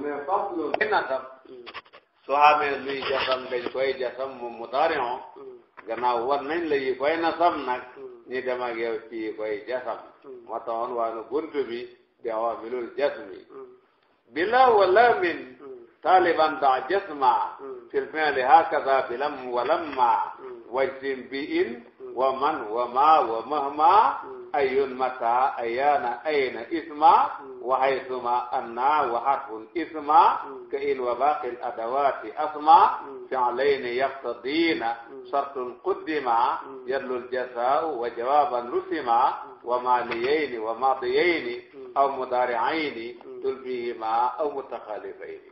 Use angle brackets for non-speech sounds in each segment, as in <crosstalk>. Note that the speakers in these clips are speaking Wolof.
mu ne faslu nasab su xamee luy jasam dañ koy jasam mu mutarion gannaaw war nañ la yi koy nasam nag ñi dem ak yow ci yi koy jasam moo taxoon waa nu buntu bi bi awaamilul jasmi bila wala min taliban da jasma fil fi'li hakaza bilam walamma wajtim bi in wa man wa ma wa mahma ayun mata ayana ayna isma waxay suma anna waxarfun isma hmm. ka in wa baaqil adawaati asma hmm. fi'layni yaqtadiina hmm. shartun quddima yadlul jazaa'u wa jawaaban rusima wa maaliyayni wa maadiyayni aw mudaari'ayni tulbihima aw mutaxaalifayni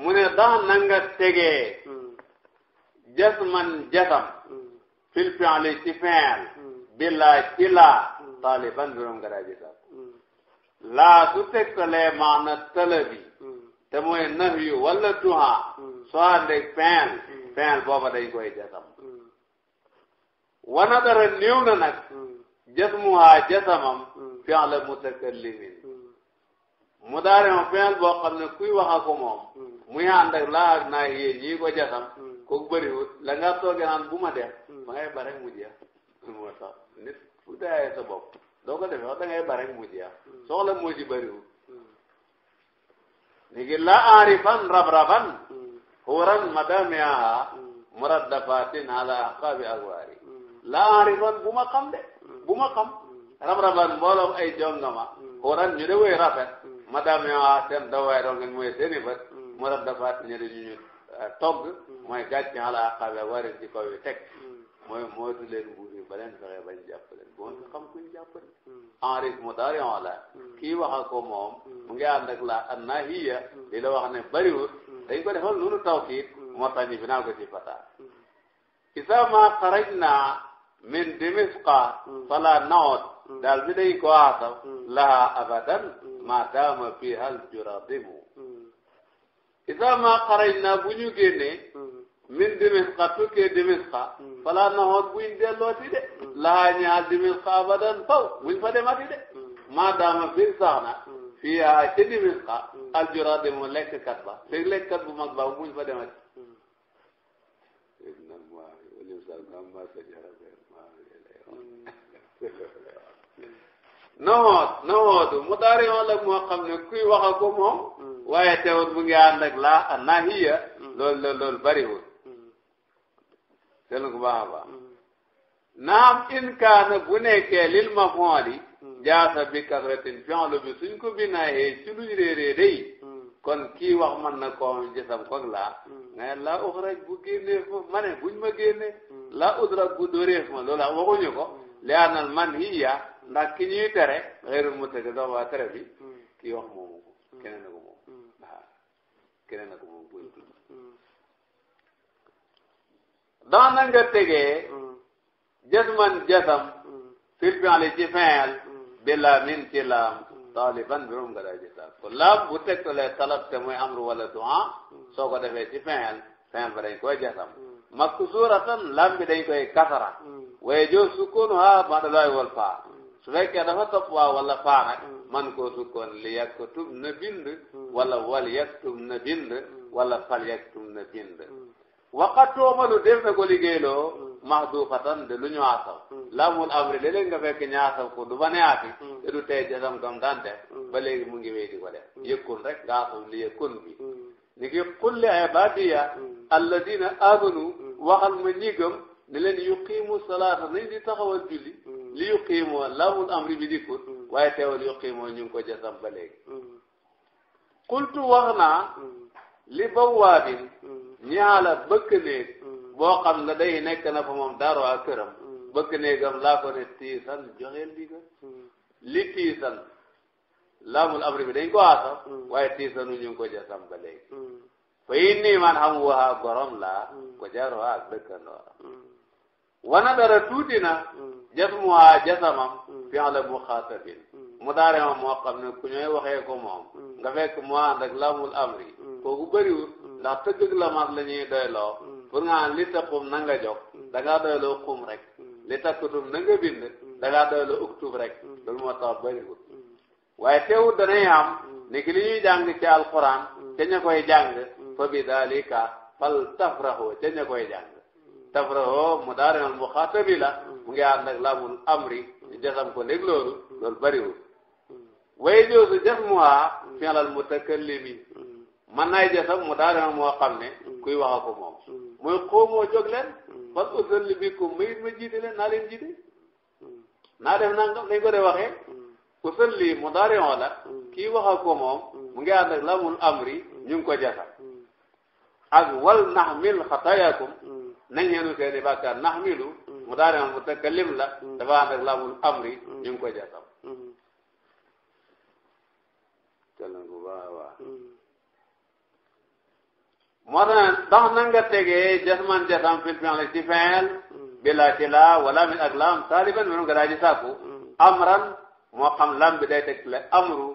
mu ne dax na nga tegee jasman jasam fil fi'li ci fi'l bilaa ci laa taaliban mbirum nga daaji sàkk laa su tegtalee maana talabi te mooy nahyu wala duha soo àndeeg feel feel booba dañ koy jasam wana dara néew na nag jasmuha jasamam fi'l mutakallimin mu daare ma feel boo xam ne kuy wax ak moom muy ànd ak laa ak naa yéen ñii ko jasam kooku bëriwut la nga toogee bu ma def ma ngay bare mu jeex tuddee sa bopp doo ko defee wax dangay bare mu mujj yaa soxla moo ci bëriwul léegi la aarifan rabrafan xuuran madamiaa muraddafatin ala aqaabi agwaari la aarifan bu ma de bu ma xam rabrafan mbooloom ay jongama xuuran ñu de woy rafet madamiaa seen dawaay doon ngeen mooy seeni bët muraddafatin ñu de ñu ñu eh, togg mooy gàcce ala aqaabi agwaari ci kaw yu teg mooy mootu leen buur yi ba leen fexe enrif mudarion la kii wax ak ko mu ngi ànd ak la annahiya li la wax ne bariwut dañ ko defal nunu tawkiid moo ta ñu binaa ko ci fata ma xarajna min dimisqa fala naot daal bi day ko aasaf laha abadan ma dama fiha al juradimu isa ma xarajna bu ñu min dimisqa tukkee dimisqa hmm. fala nahoot buñ dellooti de hmm. laa ñaal dimisqa abadan faw buñ fa demati de hmm. maadaama bir sax na fii aa ca dimisqa aljura de lekk kat ba lekk kat bu mag ba buñ fa demati <laughs> nahoot nahootu mu daari woon la moo xam ne kuy wax ak ko moom waaye teewul mu ngi ànd ak nahiya loolu loolu bariwul seetlu ko baax a baax naam in kaana bu nekkee lil mafooli jaasa bi kasratin fi'lu bi suñ ko binaayee ci luñ réeree day kon kii wax man na koo xam jësam koog laa mais laa uxraj bu génnee ma ma ne buñ ma génnee laa udraj bu dóoreef ma loolu waxuñu ko li anal man hiya ndax ki ñuy tere xeeru mu tëgg doom waa tere bi kii wax moomu ko keneen na moom waaw keneen na moom daana nga tegee hmm. jasman jasam fil hmm. fi'li ci fi'l hmm. bi laamin ci la taliban birum nga daa jisaab ko laam bu tegtalee talab te muy amru wala du'a soo ko defee ci fi'l fi'l ba dañ koy jasam maksuratan laam bi dañ koy kasara waaye joo sukkunuha ba'da laa'i wal faa su fekkee dafa topp waa wala faa nag man koo sukkoon li yaktub na bind wala wal yaktub na bind wala fal yaktub na bind waqatu omalu def na ko liggéeyloo mm. mahdufatan de lu ñu asal mm. laamul amri léeg nga fekk ñu asal ko du ba ne aati mm. te du tey jasam gam daan def ba léegi mu ngi wéy di ko def yëkkun rek nga asal li yëkkun bi ni ki qul li ibadiya alladina amanu waxal ma ñi gëm ne leen yuqimu salaata nañ di taxawal julli li yuqimu laamul amri bi dikkut waaye teewal yuqimu ñu ngi ko jasam ba léegi qultu wax naa li bawaabin ñaala bëkk néeg mm. boo xam ne day nekk na fa moom daaru ak këram mm. bëkk néegam laa ko ne tiisan joxeel digal mm. li tiisan laamul amri bi dañ ko aasaf waaye tiisanu ñu ngi ko jasam ba léegi fa yi nii man xam waxaa borom laa ko jaaroo ak dëkkandoo wana dara tuuti na jasmuwaa jasamam fi ala muxaatabin mu daare ma moo xam ne ku ñooy waxee ko moom nga fekk mu ànd ak laamul amri kooku bëriwul ndax tëgg la mas la ñuy doyloo mm. pour nga xam li taqum na nga jóg mm. da ngaa doyloo xum rek mm. li takkutum na nga bind da ngaa doyloo uktub rek loolu moo tax bëriwul waaye teewul danay am ni ki li ñuy jàng ci alquran ca ña koy jàng fa bi dalika fal tafraxoo ca ña koy jàng tafraxoo mu daarenal mu xaatabi mu ngi ànd ak laamul amri jasam ko léeg loolu loolu bëriwul way joosu jasmuha fi'lal mutakallimi man naay jësam mu daal moo xam ne kuy wax ak moom mooy xoomoo jóg leen fas usalli bikum ma it ma jiite leen naa leen naa def nangam lañ ko de waxee usalli mu daal la kii wax ko moom mu ngi ànd ak amri ñu ngi ko jësam ak wal naxmil xataayakum nañ ñeenu seeni bàkkaar naxmilu mu daal mu tëkkalim la dafa ànd ak lamul amri ñu ngi ko jësam moo tax ndax na nga tegee jasman a fil fi'l ci fi'l bila ci laa wala min ak laam mi nga daa ji amran moo xam lam bi day teg le amru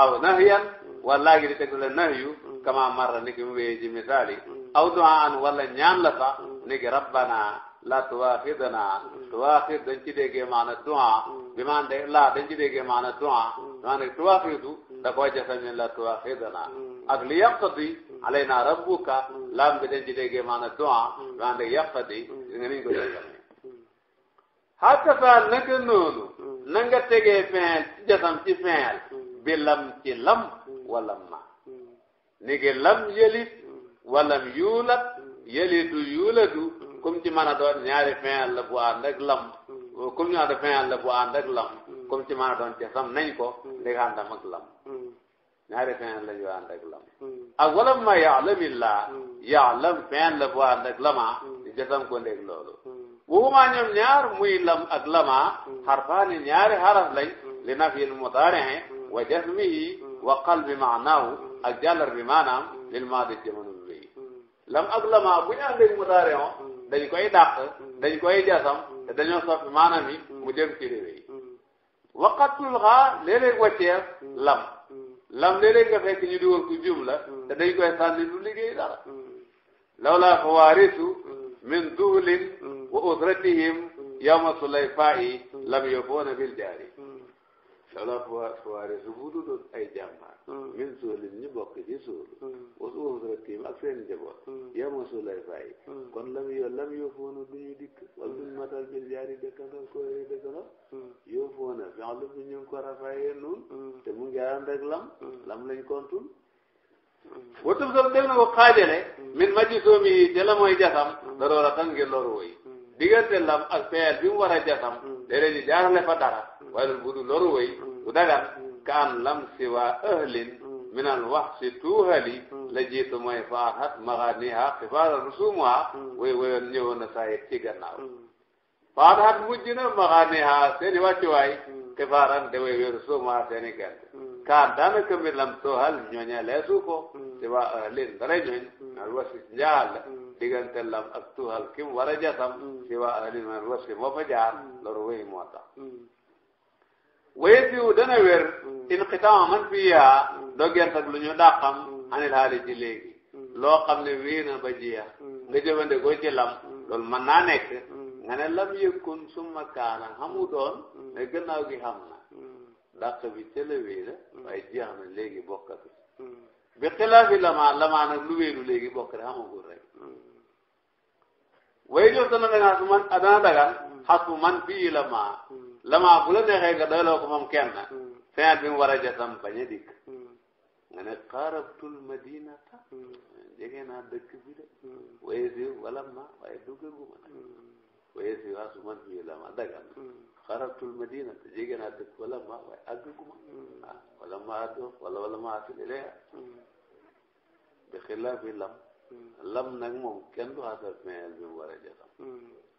aw nahyan wala gi di teg le nahyu kama marra ni ki mu wéyee ci misaali aw du'aan wala ñaan la sax ni ki rabbana la tuwaaxidana tuwaaxid ci déggee maana du'a bi maan de laa dañ ci déggee maana du'a maa la tuwaaxidana ak li alaynaa rabbuka laam bi dañ ci déggee maanaam du'a lu ànd ak yàqati nga niñ ko déggee hatta saa noonu na tegee feel ci jasam ci feel bi lam ci lam wala ma ni lam yëlit walam yuulat yëlitu yuulatu comme ci mën a doon ñaari feel la bu ànd lam comme ci mën doon jasam nañ ko ndeg àndam lam ñaari feel la yu lam ak wala ma yaalamillah yaalam fen la bu ànd ak jasam ko ndeg loolu wuxumaa ñoom ñaar muy lam ak lama xarfaani ñaari xaraf lañ li nafyil mudaari'i wa jasmihi wa qalbi maanaahu ak jàllar bi maanaam lil maadi jamono bi lam ak lama bu ñu ànd ak mudaari'i dañ koy dàq dañ koy jasam te dañoo soppi maanaam yi mu jëm ci réew yi waqatul xaa léeg-léeg wàcceer lam lam léeg-léeg fekk ñu dugal ko jumla te dañ koy sànni du liggéey dara lawlaa xawaarisu min duhlin wa usratihim yawma sulayfaa'i lam yabuuna bil jaari lawlaa xawaarisu bu du ay jàmbaar min suulin ñu bokk ci suul wa usratihim ak seen njaboot yawma sulayfaa'i kon lam yo lam yoofoona du ñu dikk wala duñ matal bil jaari dëkkandoo ko dëkkandoo yoofoona fi'lu bi ñu ko rafaayee noonu te mu ngi ànd ak lam lam lañ kontul wutub soob def na ko xaajale min majisoomi yi jëla mooy jasam daroo la ngir loru woy diggante lam ak peel bi mu war a jasam léeg-léeg ñu jaarale fa dara waaye loolu bu woy bu dagan ka an lam siwa ahlin min al wax si tuuhali la jiitu mooy faaxat maxaaniha xibaara rusuumuha woy woyoon ñëwoon na saa yëg ci gannaaw faaxat mujj na maxaaniha seeni wàccuwaay xibaaran de woy wéru suumuha seeni gerte ka daanaka mi lam toohal ñooña leesu ko si mm. waa ahlin eh, dara ñooñ mm. al wasi njaal mm. diggante lam ak toohal kim war a jasam si waa ahlin eh, al wasi moo fa jaar loolu wéy moo tax wéy fiwu dana wér in xitaama man fi yaa doggent ak lu ñu dàqam anil haali ci léegi loo xam ne wéy na ba jeex nga jëfandikoo ci lam loolu mën naa nekk nga ne lam yëkkun summa kaana xamu doon ne gi xam na dàq bi ca la wéy mm. la waaye jeex na léegi bokkatu mm. bi xilaaf bi lamaa lamaa nag lu wéeru léegi bokk rek amagul rek mm. way ñëw dana dagaan man dana dagaan xas bu man bii lamaa lamaa bu la neexee nga doyloo ko moom kenn fin bi mu war a jasam bañ a dikk nga ne xaarabtul madinata jege naa dëkk bi de waye si wala ma waaye duggaguma nag waye si waa su man bii lamaa dagaan xarabtul madina te jege naa dëkk wala ma waaye àggaguma ah wala ma àddo wala wala ma àttul ilayha bi xilaafi lam lam nag moom kenn du xasal meel bi mu war a jotam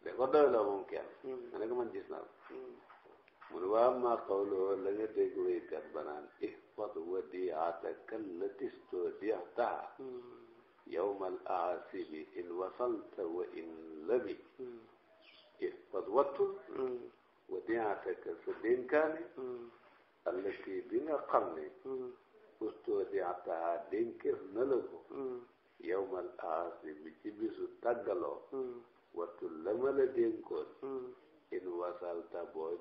de ko doy la moom kenn ma ne ko man gis naa ko mu ne waa ma qawloo la nga dégg wéykat ba naan ihfad wadiataka allati stawdataha yawma al aasibi in wasalta wa in lami ihfad wattul wa diyaataka sa dénkaane allati bi nga xam ne ustoo diyaataha dénkeef na la ko bi ci bisu tàggaloo la ma la in wasalta boo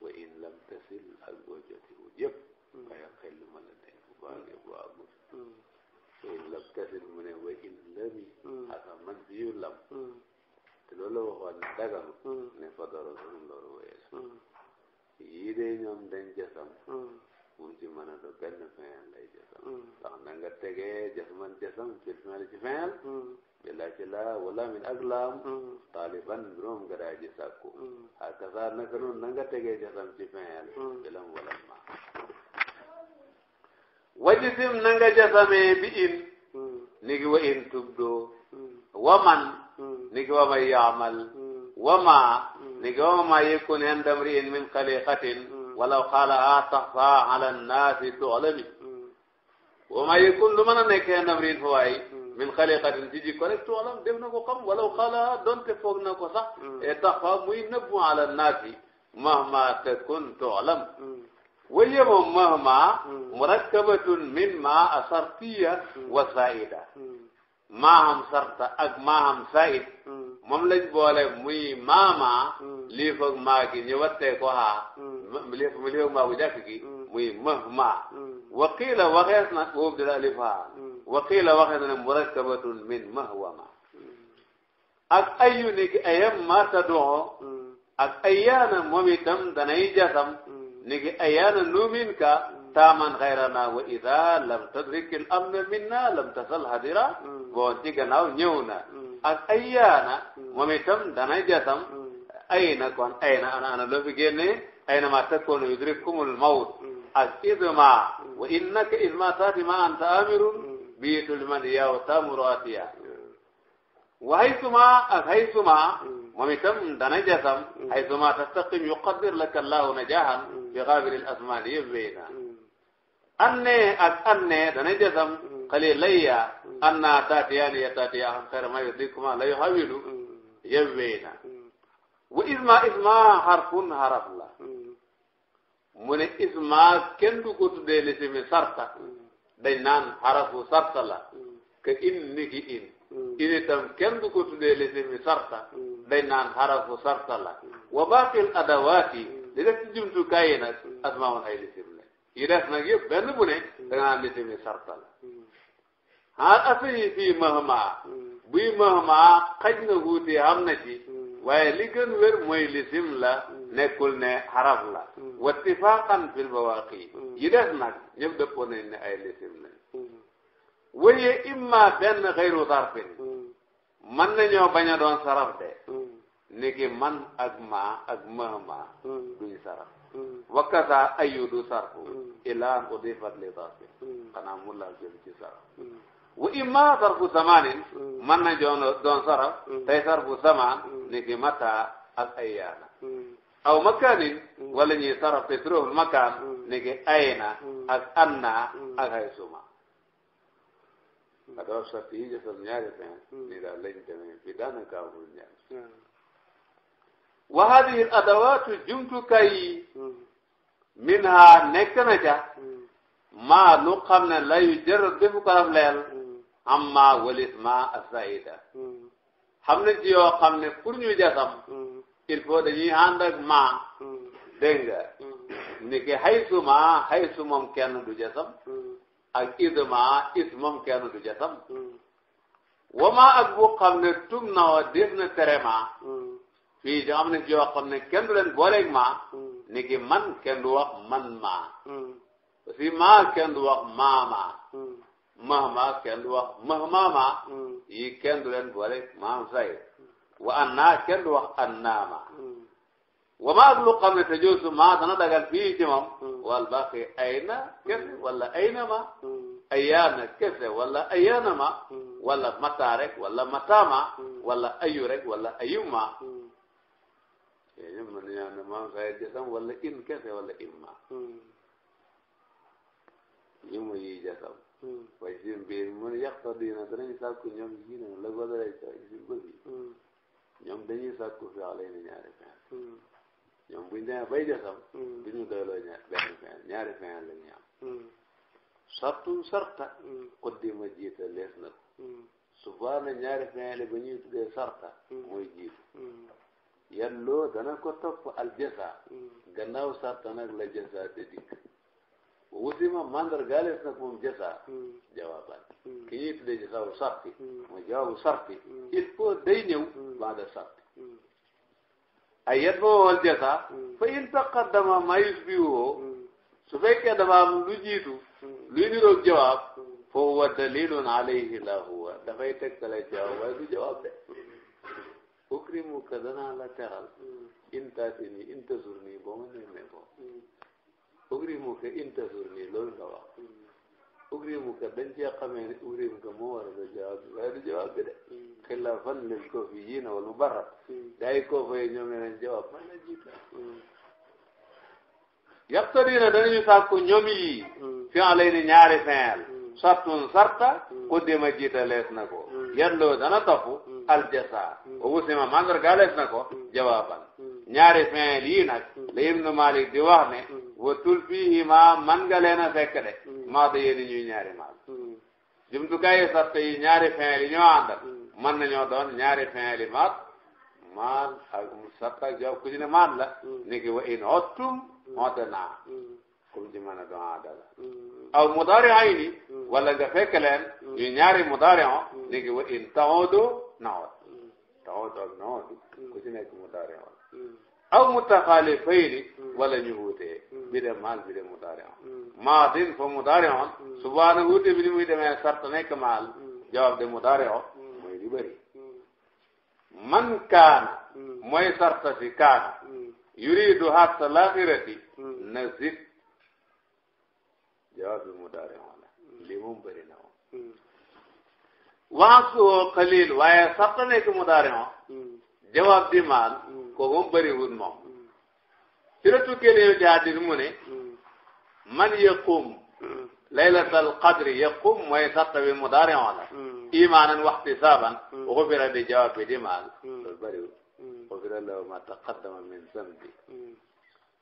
wa in lam tasil ak boo jotewul yëpp baya xel ma la dénk baa ngi boo amul wa in lam tasil mu loolu waxoon na dagam ne fa doro sunu loolu wéy yii de ñoom dañ jasam moom ci mën a do benn fayal jasam ndax na nga tegee jasman jasam ci fayal ci fayal bila ci laa wala min ak laam taaliban biroom nga daa ji sàkku hakaza naka noonu na nga tegee jasam ci fayal bilam wala ma wajisim na nga jasamee bi in ni wa in tubdoo waman niki wa may yaamal wama niki wama ma yakun inda mri'in min xaliqatin walaw xaalaha taxfa ala nnaasi tu'lami wama yakun lu mën a nekk inda mri'in fa waay min xaliqatin ci jikko rek tu'lam def na ko xam walaw xaalaha donte foog na ko sax e taxfa muy nëbbu ala nnaasi mahma takun tu'lam waye moom mahma murakkabatun min ma asartiya wa zaida maaham sarta ak maaham sayid hmm. moom lañ boole muy maama hmm. lii foog maa gi ñu ko haa hmm. lii maa bu jàkk muy mëh maa waqiila waxees na boobu di la alif haa waqiila waxees na murakkabatun min mëh wa ak ayu ni ki ayam maa ta doxo ak ayaana moom itam danay jasam ni ki ayaana nuumin ka taaman xayrana wa ida lam tadrik al amna minna lam tasal hadira boo mm. ci gannaaw ñëw na mm. ak ayyaana mm. moom itam dana jasam ayna kon ayna ana ana loo fi génne ayna ma takkoon yudrikkumul mawt ak idma wa innaka idma taati ma anta amirun biitul man yaw tamuru atiya wa haysuma ak haysuma moom itam dana jasam haysuma tastaqim yuqaddir laka allahu najahan bi gaabiril asmaani yëpp wéy na annee ak annee dana jësam xalilayya anna taatiyaani ya taatiya xam xayra ma yudrikuma la yuhawilu yewweena wa isma isma harfun haraf la ne isma kenn du ko tuddee ni simi sarta dañ harafu sarta la ka in ki in in kenn du ko tuddee simi sarta dañ harafu sarta la wa baaqil adawaati li def ci jumtukaay yi ay lisim yi des nag yëpp benn bu ne da nga naan li tamit sarta la xaal asayi fii mahma buy mahma xaj na wuute am na ci waaye li gën wér mooy lisim la nekkul ne xaraf la wattifaqan fil bawaqi yi des nag ñëpp dëppoo nañ ne ay lisim lañ waye imma benn xayru sarfin man nañoo bañ a doon saraf de niki man ak ma ak mahma duñ saraf wakkasa ayu du sarf ilaan udifat li daafin xanaa mu laal jëm ci saraf wa imma sarfu zamanin man na joon doon saraf tey sarfu zaman ni ki mata ak ayyaana aw makanin wala ñuy saraf te suroful makaan ni ki ayna ak anna ak haysuma adoo sarti yi jësal ñaari fen ni daal lañ demee bi daanaka amul ñaari wa hadihi al adawatu jumtukaay min ha nekk na ca hmm. maa lu xam ne layu jër defu ko leel hmm. am maa walis maa asaida hmm. xam ne ci yoo xam ne pour ñu jasam il faut dañuy ànd ak maa dégg nga ni maa haysu moom kenn du jasam ak id maa is moom kenn du jasam wamaa ak bu xam ne tum na wa def na tere maa fii joo xam ne ci yoo xam ne kenn du leen maa ni ki man kenn man maa si maa kenn du wax maamaa hmm. hmm. mahma kenn du wax hmm. yi kenn du leen boole wa annaa kenn du wax wa ma ak lu xam maa dana dagal fii ci moom wal baqi ayna kese wala aynama ayaana kese wala ayaanama wala mata rek wala matama wala ayu rek wala ayuma ñaan ne maam saya jasam wala in kese wala imma yi mu yi jasam way si mbir mun yaqta dina danañ sàkku ñoom yi ne la ko dalee ca si bëgg ñoom dañuy sàkku fi alay ni ñaari fen ñoom buñ demee bay jasam duñu doyloo ñaar benn fen ñaari fen la ñu am sartun sarta xuddima jiita lees na ko subaana ñaari fen la ba ñuy tuddee sarta mooy jiitu yàlloo dana ko topp aljasa mm. gannaaw sarta nag la jasa de dikk wutima mandargaales nag moom jasa mm. jawaabaat mm. ki ñuy tuddee jasaawu sarti mooy jawaabu sarti il faut day ñëw baada sarti ay yet ba wowal jasa fa in taqaddama ma yusbihu su fekkee dafa am lu jiitu luy niroog jawaab fa huwa dalilun alayhi la huwa dafay tegtale jawaab waaye du jawaab de ukrimuka danaa la teral intatini intasurni boo ma nemmeekoo ukrimuka intasurni loolu nga wax ukrimuka dañ cee xamee ne ukrimuka moo war a la jawaab bi waaye du de xilaafan lil koofiyiina wal mubarrat daay koofa yi ñoom nee nañ jawaab man la jiita yaqtadina danañu sàkku ñoom yi mm. fi en lay ni sartun sarta ku dima jiita lees na ko yelloo dana topp aljasa o wusima mandarga lees na ko jawaaban ñaari fin lii nag la ibnu malik di wax ne wa tul fii ma man ga leen a fekk de maa da yéeni ñuy ñaari maal jumtukaayu sarta yi ñaari fin li ñoo àndal mën nañoo doon ñaari fin li maat maal sarta ak ku ci ne maat la ni ki wa in ottum ote naa comme ci mën a doon àndal aw mudaari'ayni hmm. wala nga fekk leen yu hmm. ñaari mudaari'o hmm. ni ngi wa in ta'udu na'ud ta'udu ak na'ud ku ci nekk mudaari'o aw mutaxaalifayni wala ñu wuutee bi de maal bi de mudaari'o maadin fa mudaari'o subaana wuute bi ni muy demee sart nekk maal jawaab de mudaari'o mooy li bëri man kaana mooy sarta si kaana yuridu hatta laaxirati na zid jawaab bi mu daari moom la lii moom bëri na moom wax ko xalil waaye sax ta nekk mu daari moom jawaab di maal ko moom bëriwul man yaqum laylatal qadri yaqum mooy sax bi mu daari moom la imaanan waxtisaaban xufira di bi di maal loolu bëriwul ma taqaddama min zambi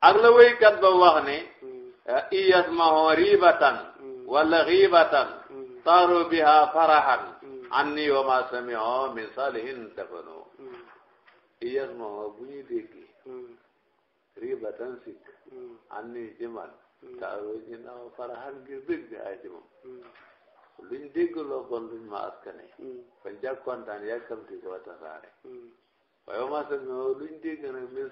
ak la ba wax ne iyasmahu ribatan wala ribatan taaru biha farahan anni wa ma samiho min salihin dafano bu ñu ribatan sikk anni jiman taaru jinaw farahan ngir dégg ay ci moom luñ dégg loo ma askane bañ jàg kontaan yàkkamti koo tasaare waaye ma samiho luñ dégg nag min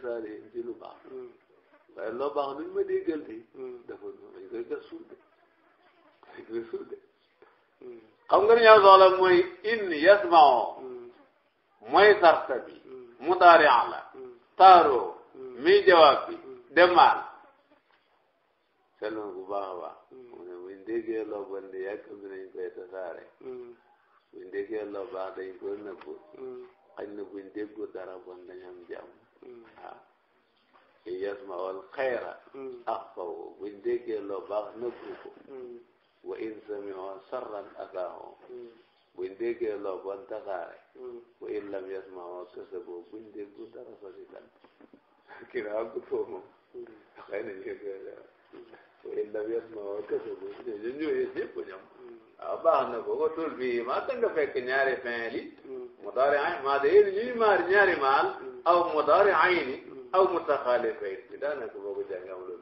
waaye loo baax nuñ ma déggal di hmm. dafa dañ koy gas suuf de dañ koy suuf de xam nga ñaaw soxla mooy in yasmao hmm. mooy sarta bi hmm. mutaaria la taaro mi jawaab bi demaan seetlu bu baax a baax mu ne buñ déggee loo bon di yàkkam bi nañ koy na buñ dara bon dañ am jàmm waaw yasmaul xayra axfaw buñ déggee loo baax nëbbu ko wa in samiu sarran akaahu buñ déggee loo bon tasaare wa in lam yasmahu kasabu buñ déggu dara sositan kinaa gu foo moom xëy na ñu ko wa in lam yasmahu kasabu ñu ñëwee ñëpp ñoom waaw baax na ko ko tul bii maa tanga fekk ñaari fin li mudaari ayn maa da yéen ñuy maar ñaari maal aw mudaari ayni aw mutaxaalifayni daanaka boo ko jàngee amul